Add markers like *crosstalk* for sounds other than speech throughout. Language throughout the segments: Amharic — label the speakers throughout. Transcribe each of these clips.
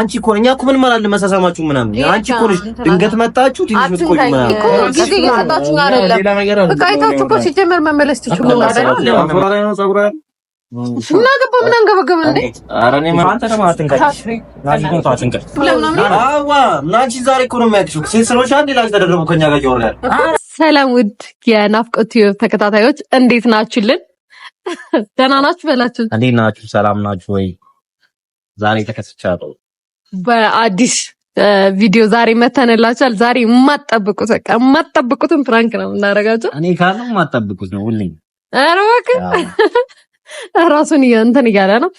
Speaker 1: አንቺ እኮ እኛ እኮ ምን ማለት መሳሳማችሁ ምናምን አንቺ እኮ ነሽ ድንገት መጣችሁ ምናምን
Speaker 2: እኮ
Speaker 1: አይደለም። እኮ ሲጀመር መመለስ አይደለም። ገባ እንዴ? ዛሬ እኮ ነው አንዴ ጋር
Speaker 2: ሰላም ውድ የናፍቆት ተከታታዮች እንዴት ናችሁልን? ደህና ናችሁ በላችሁ።
Speaker 1: እንዴት ናችሁ? ሰላም ናችሁ ወይ? ዛሬ ተከስቻለሁ።
Speaker 2: በአዲስ ቪዲዮ ዛሬ መተንላችኋል። ዛሬ የማትጠብቁት በቃ የማትጠብቁትን ፕራንክ ነው የምናደርጋቸው።
Speaker 1: እኔ ካለ የማትጠብቁት ነው ሁሌ።
Speaker 2: ኧረ እባክህ *laughs* ራሱን እንትን እያለ ነው።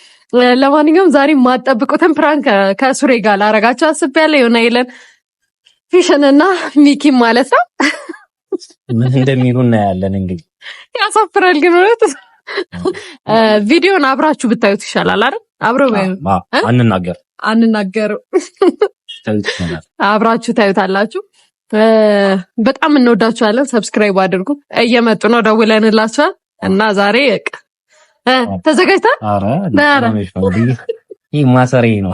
Speaker 2: ለማንኛውም ዛሬ የማትጠብቁትን ፕራንክ ከሱሬ ጋር ላደርጋቸው አስቤያለሁ። የሆነ የለን ፊሽን እና ሚኪም ማለት ነው
Speaker 1: ምን እንደሚሉ እናያለን። እንግዲህ
Speaker 2: ያሳፍራል ግን እውነት ቪዲዮን አብራችሁ ብታዩት ይሻላል አይደል? አብረው አንናገር አንናገርም። አብራችሁ ታዩታላችሁ። በጣም እንወዳችኋለን። ሰብስክራይብ አድርጉ። እየመጡ ነው፣ ደውለንላችኋል እና ዛሬ ተዘጋጅታል።
Speaker 1: ይህ ማሰሬ ነው።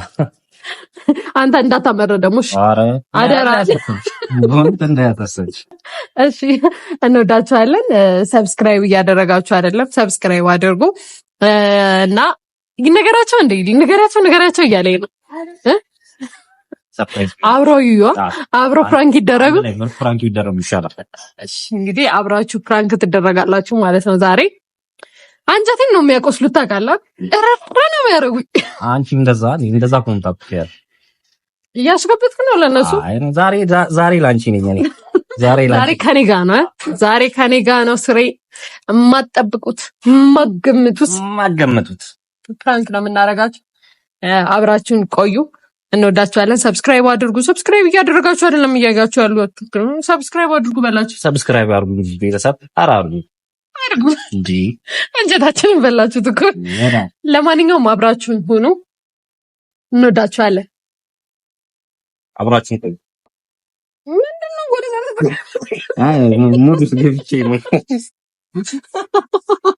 Speaker 2: አንተ እንዳታመረ ደግሞ አደራ። እሺ፣ እንወዳችኋለን። ሰብስክራይብ እያደረጋችሁ አይደለም፣ ሰብስክራይብ አድርጉ እና ነገራቸው እንደ ነገራቸው ነገራቸው እያለ ነው። አብሮ ይዩ አብሮ ፕራንክ ይደረጉ
Speaker 1: ፕራንክ ይደረጉ ይሻላል።
Speaker 2: እንግዲህ አብራችሁ ፕራንክ ትደረጋላችሁ ማለት ነው። ዛሬ አንጀቴን ነው የሚያቆስሉት ታውቃለህ። እረፍት ነው የሚያደርጉኝ።
Speaker 1: አንቺ እንደዛ እንደዛ ኮንታክት ከያ
Speaker 2: እያስገበትክ ነው ለነሱ።
Speaker 1: ዛሬ ዛሬ ላንቺ ነኝ እኔ ዛሬ
Speaker 2: ከኔ ጋ ነው። ዛሬ ከኔ ጋ ነው ስሬ የማትጠብቁት የማትገምቱት
Speaker 1: የማትገምቱት
Speaker 2: ፕራንክ ነው የምናረጋችሁ። አብራችሁን ቆዩ። እንወዳችኋለን። ሰብስክራይብ አድርጉ። ሰብስክራይብ እያደረጋችሁ አይደለም እያያችሁ ያሏችሁ፣ ሰብስክራይብ አድርጉ በላችሁ።
Speaker 1: ሰብስክራይብ አድርጉ። ቤተሰብ አራርጉ አድርጉ እንጂ
Speaker 2: አንጀታችንን በላችሁት እኮ። ለማንኛውም አብራችሁን ሁኑ። እንወዳችኋለን። አብራችሁን ቆዩ። ምንድነው ወደ
Speaker 1: ሙድ ገብቼ ነው *laughs*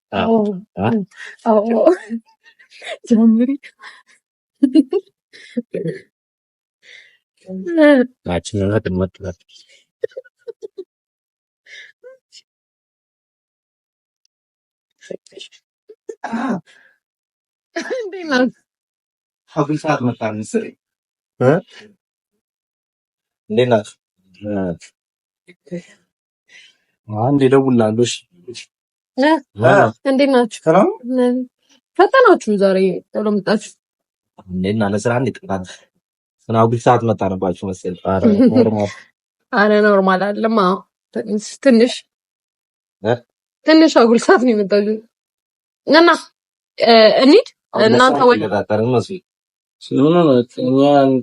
Speaker 2: ああ、青、あうん。青、じゃあ無理。
Speaker 1: うん。あ、ちょっと待って、待って、待って。
Speaker 2: Ah, Hindi lang.
Speaker 1: habisado na tayo sir. Ha? Hindi na. Ah, hindi daw lalo siya.
Speaker 2: እንዴት ናችሁ? ፈጠናችሁ? ዛሬ ቶሎ መጣችሁ።
Speaker 1: እንዴና ለስራ እንዴት ሰዓት መጣንባችሁ መሰል። *laughs*
Speaker 2: አረ ኖርማል ትንሽ ትንሽ አጉል ሰዓት ነው የመጣችሁ እና እንሂድ
Speaker 1: እናንተ ወይ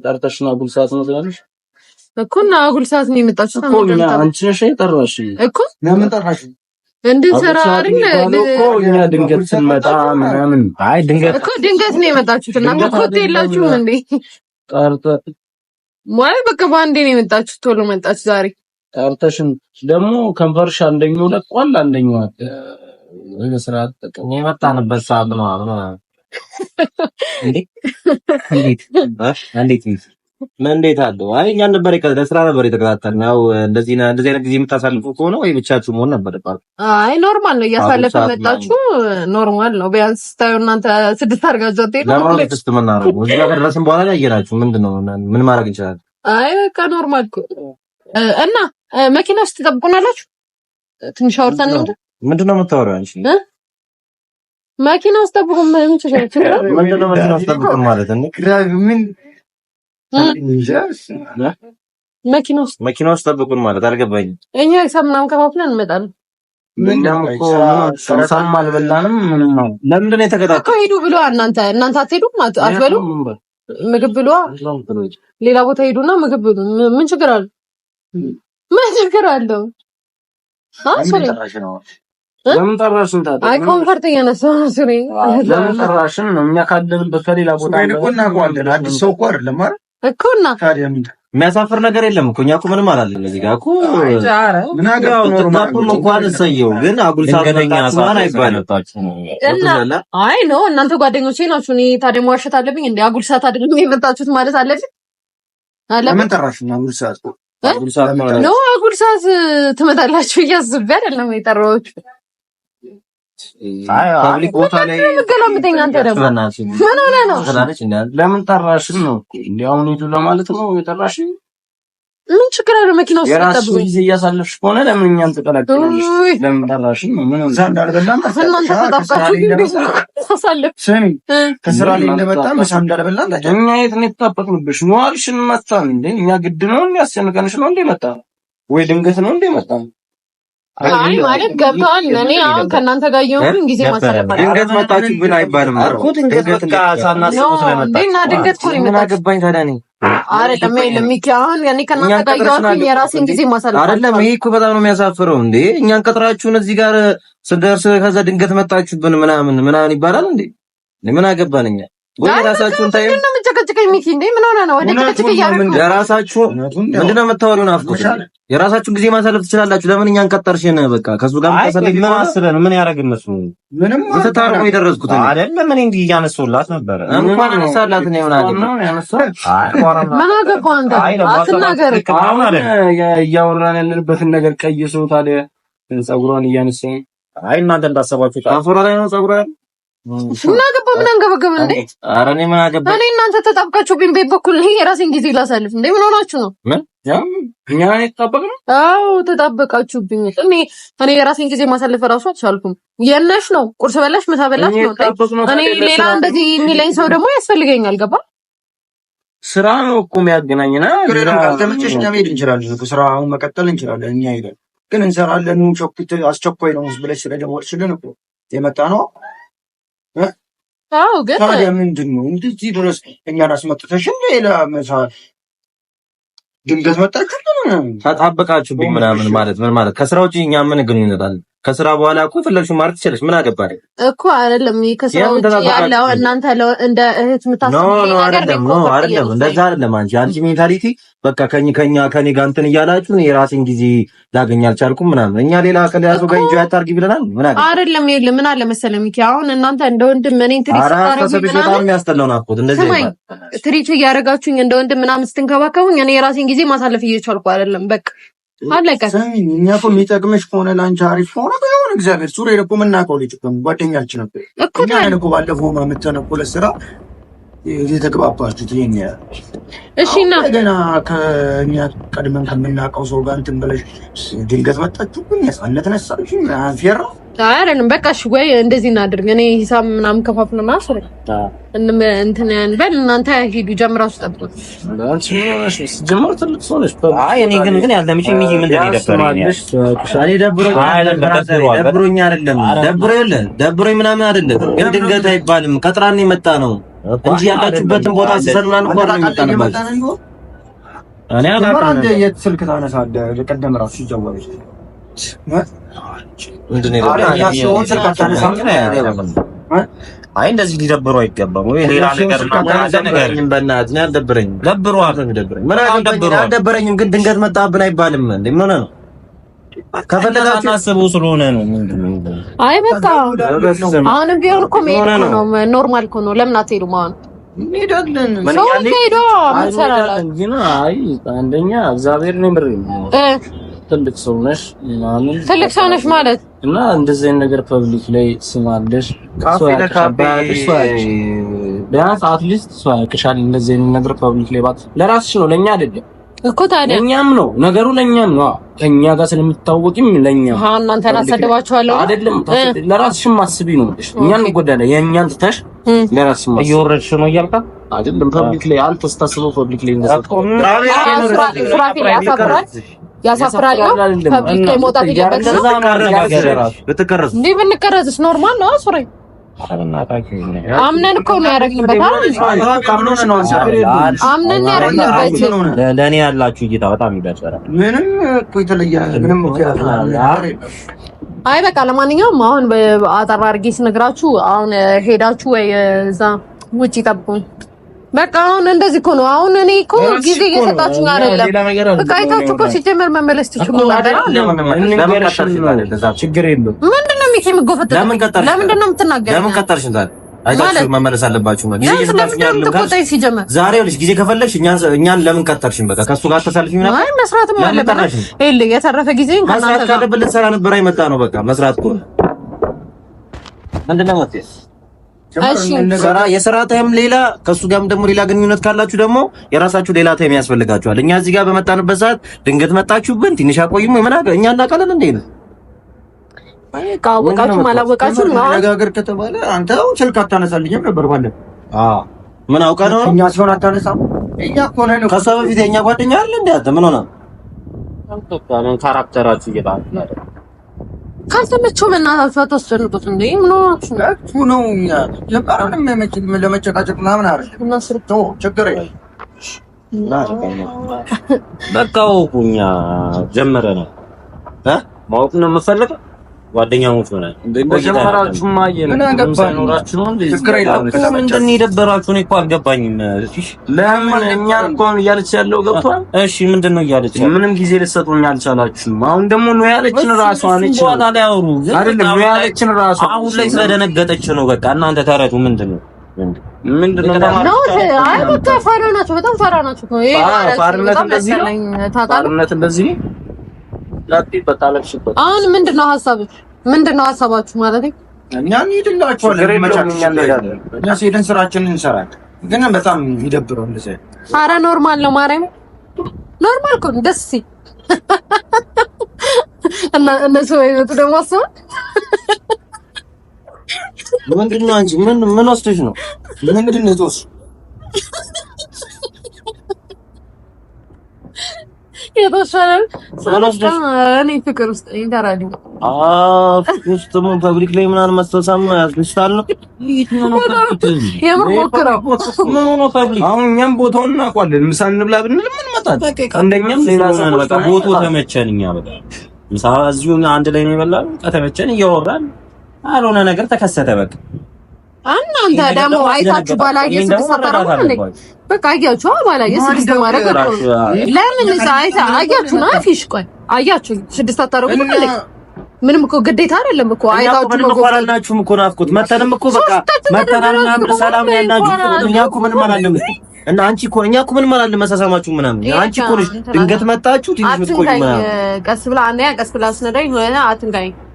Speaker 1: ጠርተሽን አጉል ሰዓት ነው ትላለሽ
Speaker 2: እኮ እና አጉል ሰዓት ነው የመጣችሁ እኮ። እንድንሰራ
Speaker 1: ድንገት ስንመጣ ምናምን። አይ ድንገት
Speaker 2: እኮ ድንገት ነው የመጣችሁት። እናንተ የላችሁም እንዴ? ማለት በቃ በአንዴ ነው የመጣችሁት። ቶሎ መጣች ዛሬ።
Speaker 1: ጠርተሽን ደግሞ ከንፈርሽ አንደኛው ለቋል፣ አንደኛው ስራ የመጣንበት ሰዓት ነው። *laughs* እንዴት እንዴት እንዴት እንዴት አለው? አይ እኛን ነበር ለስራ ነበር የተከታተልን። ያው እንደዚህ እንደዚህ አይነት ጊዜ የምታሳልፉ ከሆነ ወይ ብቻችሁ መሆን ነበር።
Speaker 2: አይ ኖርማል ነው፣ እያሳለፈ መጣችሁ፣ ኖርማል ነው። ቢያንስ ታዩ እናንተ ስድስት አድርጋችሁ አትሄዱ።
Speaker 1: ለማለት ስት ምናረጉ እዚህ ጋር ከደረስን በኋላ ላይ አየናችሁ። ምንድን ነው? ምን ማድረግ እንችላለን?
Speaker 2: አይ ከኖርማል እና መኪና ውስጥ ትጠብቁናላችሁ። ትንሽ አውርተን ነው።
Speaker 1: ምንድን ነው የምታወሪው አንቺ?
Speaker 2: መኪና ውስጥ ምን
Speaker 1: ጠብቁን ማለት ነው። መኪና ውስጥ መኪና ውስጥ ጠብቁን ማለት አልገባኝም።
Speaker 2: እኛ ሳምናም ከፋፍለን እንመጣለን።
Speaker 1: ምንም አልበላንም። ምንም ለምንድን
Speaker 2: ነው ሂዱ ብሎ እናንተ እናንተ አትሄዱም አትበሉም። ምግብ ብሎ ሌላ ቦታ ሄዱና ምግብ ምን ችግር አለ? ምን ችግር አለው?
Speaker 1: ለምን ጠራሽን? ታዲያ
Speaker 2: አይ ኮንፈርት ነው።
Speaker 1: ለምን ጠራሽን? እኛ ካለንበት ከሌላ ቦታ አዲስ ሰው እኮ አይደለም አይደል እኮና የሚያሳፍር ነገር የለም እኮ እኛ እኮ ምንም አላለም። እዚህ ጋር እኮ እንኳን እሰየው፣ ግን አጉል ሰዓት አይባልም።
Speaker 2: አይ ኖ እናንተ ጓደኞቼ ናችሁ። እኔ ታዲያ መዋሸት አለብኝ? እንደ አጉል ሰዓት አይደለም የመጣችሁት ማለት አለብኝ።
Speaker 1: ለምን ጠራሽኝ? አጉል ሰዓት
Speaker 2: ኖ አጉል ሰዓት ትመጣላችሁ እያስብ አይደለም የጠራሁት ፓብሊክ ቦታ ላይ ገላምጠኝ። አንተ ደግሞ ምን ሆነህ ነው?
Speaker 1: ለምን ጠራሽን ነው? እንዲያውም ሂዱ ለማለት ነው የጠራሽን።
Speaker 2: ምን ችግር አለ? መኪና ውስጥ
Speaker 1: የራስሽ ጊዜ እያሳለፍሽ ከሆነ ለምን እኛን ተቀላቀለሽ? ለምን ጠራሽን? ምን እዛ እንዳልበላን ከስራ ላይ እንደመጣን ምሳ እንዳልበላን እኛ የት ነው የተጣበቅንብሽ? ነዋልሽን መጣን እንዴ? እኛ ግድ ነው እንዲያስጨንቀንሽ ነው እንዴ መጣ? ወይ ድንገት ነው እንዴ መጣ?
Speaker 2: አይ ማለት ገብተዋል። እኔ አሁን ከእናንተ ጋር ጊዜ ማሳለፍ
Speaker 1: ድንገት መጣችሁ ብን አይባልም እኔ እኛን ቀጥራችሁን እዚህ ጋር ስደርስ ከዛ ድንገት መጣችሁብን ምናምን ምናምን ይባላል ምን አገባን እኛ
Speaker 2: ወይ ራሳችሁን ሚኪ እንዴ ምን ሆነ ነው? ወደ ጭቅጭቅ እያደረግን
Speaker 1: የራሳችሁ ምንድን ነው የምታወሪው? ናፍቆት የራሳችሁ ጊዜ ማሳለፍ ትችላላችሁ። ለምን እኛን ቀጠርሽን? በቃ ከሱ ጋር ታሰልፍ ምን አስበህ ነው? ምን ያደረግ እነሱ ምንም ልትታረቁ እየደረስኩት አይደለም። ምን እንዲህ እያነሳሁላት ነበረ። እንኳን አነሳላት ነው ይሆናል። አትናገር። አሁን እያወራን ያለንበትን ነገር ቀይሰው ታዲያ ፀጉሯን እያነሳኝ አይ እናንተ እንዳሰባችሁ ታፈራ ላይ ነው ፀጉሯን
Speaker 2: ምን አገባ ምን አንገበገበ እንዴ?
Speaker 1: ኧረ እኔ ምን አገባ
Speaker 2: እኔ እናንተ ተጣብቃችሁ ቢን ቤት በኩል እኔ የራሴን ጊዜ ላሳልፍ እንዴ? ምን ሆናችሁ ነው?
Speaker 1: ምን ያም እኛ የተጣበቅን?
Speaker 2: አዎ ተጣበቃችሁብኝ። እኔ እኔ የራሴን ጊዜ ማሳልፍ እራሱ አልቻልኩም። የነሽ ነው ቁርስ በላሽ ምሳ በላሽ ነው። እኔ ሌላ እንደዚህ የሚለኝ ሰው ደግሞ ያስፈልገኛል። ገባ
Speaker 1: ስራ ነው እኮ የሚያገናኝና ካልተመቸሽ እኛ መሄድ እንችላለን። ስራ አሁን መቀጠል እንችላለን። እኛ ሄደን ግን እንሰራለን። ቾክት አስቸኳይ ነው ብለሽ ስለደወልሽልን እኮ የመጣ ነው አዎ ግን ታዲያ ምንድን ነው እንደዚህ ድረስ እኛን አስመጥተሽ እንደ ሌላ መሳ ድንገት መጣ ምናምን ታጣበቃችሁብኝ ምናምን ማለት ምን ማለት ከስራ ውጭ እኛ ምን ግንኙነት አለን? ከስራ በኋላ እኮ የፈለግሽው ማድረግ ትችላለሽ። ምን አገባ
Speaker 2: እኮ አይደለም። ከስራ ውጭ ያለው እናንተ እንደ እህት የምታስቡ
Speaker 1: አይደለም። ኖ አይደለም፣ እንደዛ አይደለም። አንቺ አንቺ ሜንታሊቲ በቃ ከኝ ከኛ ከኔ ጋር እንትን እያላችሁ እኔ ራሴን ጊዜ ላገኝ አልቻልኩም ምናምን። እኛ ሌላ ከሌላ ሰው ጋር እንጂ አታርጊ ብለናል። ምን አገባ አይደለም። ይኸውልህ ምን አለ መሰለህ ሚኪ፣ አሁን እናንተ እንደ ወንድም እኔን ትሪት ስታረጉኝ በጣም የሚያስጠላው ናፍቆት እንደዚህ ነው። ትሪት እያደረጋችሁኝ እንደ ወንድም ምናምን ስትንከባከቡኝ እኔ የራሴን ጊዜ ማሳለፍ እየቻልኩ አይደለም በቃ አለቀ። እኛ እኮ የሚጠቅምሽ ከሆነ ለአንቺ አሪፍ ከሆነ ሆነ እግዚአብሔር ሱሬ እኮ የምናውቀው ልጅ ጓደኛችን ነበር። እኛ ባለፈው የምተነኮለ ስራ የተግባባችሁት ይሄን ያህል እሺ። እና ገና ከእኛ ቀድመን ከምናውቀው ሰው ጋር እንትን ብለሽ ድንገት መጣችሁ ግን ነፃነት ነሳሽ ፌራ አይደለም። በቃ እሺ፣ ወይ እንደዚህ እናድርግ። እኔ ሂሳብ ምናምን ከፋፍል ና ስር እንትን በል እናንተ ሂዱ ጀምራችሁ ጠብቁ። ጀምር ትልቅ ሰው ነሽ። እኔ ግን ግን ያለምሽ ሚ ምንድን ደብሮኝ አይደለም ደብሮ የለ ደብሮኝ ምናምን አይደለም። ግን ድንገት አይባልም ቀጥራን የመጣ ነው እንጂ ያላችሁበትን ቦታ ሲሰላን እኮ ነው የሚመጣንባችሁ። እኔ አላውቅም። የት ስልክ ታነሳለህ? ቀደም ራሱ ሲጀወረች አይ እንደዚህ ሊደብሩ አይገባም። ወይ ሌላ ነገር ነው። አፈም ደብረኝ ምን ደብሯል? አልደበረኝም ግን ድንገት መጣብን አይባልም። እንዴ? ምን ነው ከፈለጋችሁ ስለሆነ ነው። አይ በቃ አሁንም ቢሆን እኮ መሄድ እኮ ነው፣ ኖርማል እኮ ነው። ለምን አትሄዱም? አሁን እንሄዳለን። ሰው ምን ትሰራላችሁ? ግን አይ አንደኛ እግዚአብሔር ነው ምሪ ትልቅ ሰው ነሽ ምናምን ትልቅ ሰው ነሽ ማለት እና እንደዚህ ነገር ፐብሊክ ላይ ስማለሽ ቢያንስ አትሊስት ሰው ያቅሻል። እንደዚህ ነገር ፐብሊክ ላይ ባት ለራስሽ ነው ለእኛ አይደለም እኮ ታዲያ እኛም ነው ነገሩ፣ ለኛም ነው ከኛ ጋር ስለምታወቂም ለኛ አሃ። እናንተ አሰደባችኋለሁ አይደለም? ለራስሽም ማስቢ ነው የምልሽ። እኛን ጎዳለ የኛን ትተሽ ለራስሽ ማስቢ እየወረድሽ ነው እያልካ አይደለም? ፐብሊክ ላይ አንተ ስታስበው ፐብሊክ ላይ እንደዛ ያሳፍራል። ፐብሊክ ላይ መውጣት ይገባል። ብንቀረጽስ ኖርማል ነው ሱራዬ አምነን እኮ ነው ያደረግንበት። ለእኔ ያላችሁ እይታ በጣም አይ በቃ ለማንኛውም አሁን አጠራ አድርጌ ስነግራችሁ አሁን ሄዳችሁ ወይ እዛ ውጭ ጠብቁኝ። በቃ አሁን እንደዚህ እኮ ነው። አሁን እኔ እኮ ጊዜ እየሰጣችሁ አይደለም። በቃ አይታችሁ እኮ ሲጀመር መመለስ ትችሉ ነበር። ችግር የለውም። ቤት የምጎፈት ለምን ቀጠር ለምንድን ነው የምትናገር? ለምን ቀጠርሽ? አይታችሁ መመለስ አለባችሁ። ዛሬ ልጅ ጊዜ ከፈለሽ እኛን ለምን ቀጠርሽን? በቃ ከሱ ጋር ተሳልፊ ነበር። አይ መስራትም አለበት። ይኸውልህ የተረፈ ጊዜ መስራት ካለብን ልትሰራ ነበር። አይመጣ ነው በቃ መስራት ከሆነ ምንድን ነው መፍትሄ የስራ ታይም ሌላ ከሱ ጋርም ደግሞ ሌላ ግንኙነት ካላችሁ ደግሞ የራሳችሁ ሌላ ታይም ያስፈልጋችኋል። እኛ እዚህ ጋር በመጣንበት ሰዓት ድንገት መጣችሁብን፣ ትንሽ አቆዩም ምናምን እኛ እናውቃለን እንዴ ነው ካወቃችሁም ከተባለ አንተ ስልክ አታነሳልኝም ነበር ማለት ምን አውቀ ነው? እኛ ሲሆን አታነሳም። እኛ ነው በፊት ጓደኛ አለ እንዴ? አንተ ምን ሆነ? ካራክተራችሁ ይባል ካልተመቸው እንዴ? ምን ሆናችሁ ነው? እኛ ለመጨቃጨቅ ምናምን እና ስርቶ ችግር የለም በቃ ጀመረ ነው ማወቅ ነው የምፈልገው ጓደኛሞች ሆነ ነው። ነው የደበራችሁ? እኮ አልገባኝም። ለምን እያለች ያለው ገብቷል። እሺ ምንድን ነው እያለች? ምንም ጊዜ ልትሰጡኝ አልቻላችሁም። አሁን ደግሞ ነው ያለችን ራሷ ነች። አይደለም ነው ያለችን ራሷ አሁን ላይ ስለደነገጠች ነው። በቃ እናንተ ተረቱ። ምንድን ነው ምንድን ነው ናቸው። በጣም ፈራ ናቸው። አሁን ምንድን ሀሳብ ምንድን ሀሳባችሁ? ማለት እኛ እንሄድላችኋለን፣ እኛ ሄደን ስራችንን እንሰራለን። ግን በጣም ይደብረው እንደዚህ። ኧረ ኖርማል ነው ማርያም፣ ኖርማል እኮ ደስ ሲል እና እነሱ አይመጡ ደግሞ አስበው። ምንድን አንቺ ምን ምን ወስደሽ ነው ምንድን ነው የተወሰነ ፍቅር ውስጥ ፐብሊክ ላይ ምናምን መስተሳም ያስደስታል። አሁን እኛም ቦታውን እናውቀዋለን። ምሳ እንብላ ብንል እንመጣለን። አንደኛም ቦታው ተመቸን። እኛ በጣም ምሳ እዚሁ አንድ ላይ ነው የበላነው። ከተመቸን እያወራን አልሆነ ነገር ተከሰተ በቃ እናንተ ደግሞ አይታችሁ ባላየ ስድስት አታረጉ እንዴ? በቃ አያችሁ፣ ባላየ ስድስት ማድረግ ለምን አይታ አያችሁ ነው አፊሽ። ቆይ አያችሁ፣ ስድስት አታረጉ እንዴ? ምንም እኮ ግዴታ አይደለም እኮ አይታችሁ ነው። ቆራናችሁም እኮ ናፍቆት መተንም እኮ በቃ መተናልና ሰላም ያናችሁ እኛ እኮ ምንም አላለም እና አንቺ እኮ እኛ እኮ ምንም አላለም መሳሳማችሁ ምናምን አንቺ እኮ ድንገት መጣችሁ ትንሽ ምትቆይ ምናምን ቀስ ብላ አንያ ቀስ ብላ ስነዳኝ ሆነ አትንጋኝ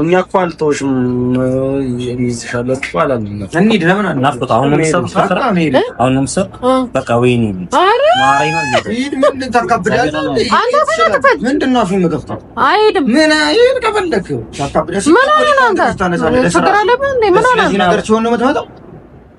Speaker 1: እኛ እኮ አልተውሽም፣ ይይዝሻለሁ እኮ አላልንም። እንሂድ። ለምን ናፍቆት አሁን ነው የምትሰሩት? አሁን ነው የምትሰሩት? በቃ ወይኔ፣ ምን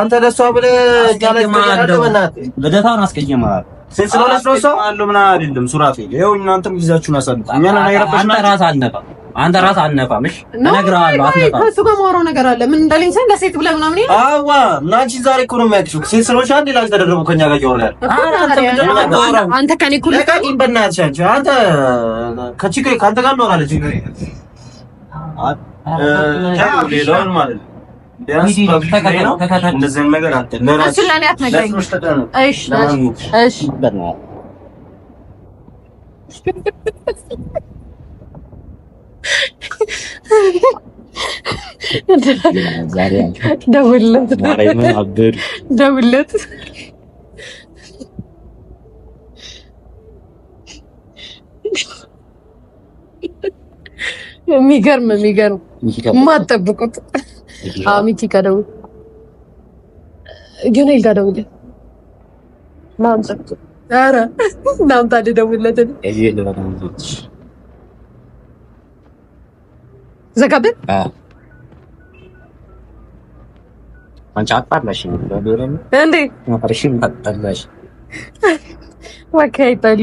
Speaker 1: አንተ ለሷ ብለህ ልደታውን አስቀየማለሁ። ሴት ምን አይደለም። ይኸው እናንተም ጊዜያችሁን አንተ ራስህ አንተ ራስህ እሺ እነግርሃለሁ፣ አትነፋም። ጋር ነገር አለ። ምን እንዳለኝ ሳይሆን ለሴት ብለህ ምናምን አዋ ዛሬ እኮ ነው ሴት ስለሆንሽ ከእኛ ጋር አንተ ከእኔ እኩል ማለት ነው ቢያንስ እንደዚህ ደውለት የሚገርም የሚገርም የማትጠብቁት ሚኪ ጋር ደውል፣ ጊዮኔል ጋር ደውል። ኧረ ናምጣ ልደውልለት። ዘጋብን አንቺ አጣላሽ እንዴ? አጣላሽ ወካይታሊ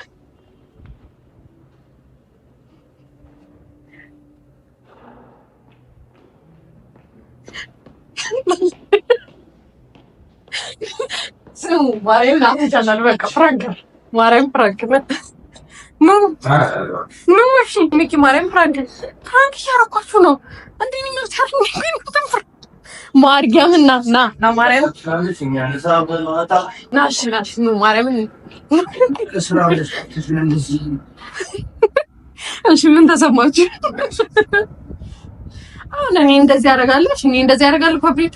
Speaker 1: ማርያምን አትቻላል። በቃ ፍራንክ ማርያም ፍራንክ እሺ፣ ሚኪ ማርያም ፍራንክ ፍራንክ እያደረኳችሁ ነው። ማርያምን ና ና ማርያም ና እሺ፣ ና እሺ፣ እሺ። ምን ተሰማችሁ? አሁን እኔ እንደዚህ አደርጋለሁ፣ እኔ እንደዚህ አደርጋለሁ ፋብሪክ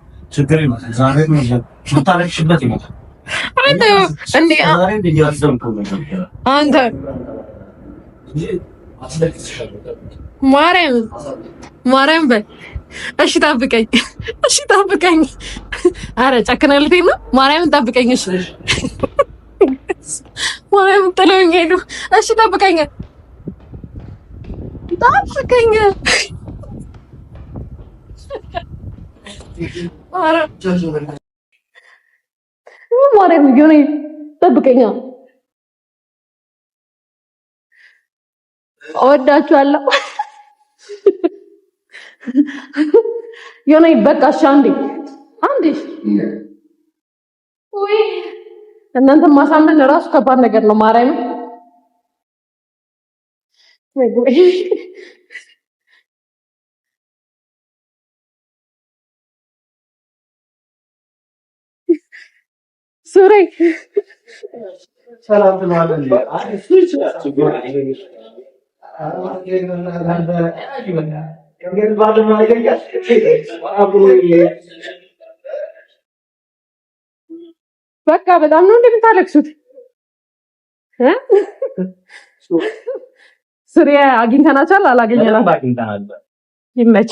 Speaker 1: ችግር ይመጣል። ዛሬ ምታረግሽበት ይመጣል። አንተ ማርያም ማርያም በል እሺ፣ ጠብቀኝ። እሺ፣ ጠብቀኝ። አረ ጨክናልቴ ነው። ማርያምን ጠብቀኝ። እሺ፣ ማርያምን ጥለውኝ ሄዱ። እሺ፣ ጠብቀኝ፣ ጠብቀኝ ማርያም ጊዮኔ ጠብቀኛ። እወዳችኋለሁ። ዮኔ በቃ እሺ። አንዴ አንዴ ወይ እናንተ ማሳመን እራሱ ከባድ ነገር ነው። ማርያም ሱሬ ሰላም በቃ በጣም ነው እንደምታለቅሱት። ሱሪያ አግኝተናቸዋል አላገኘናል። ይመች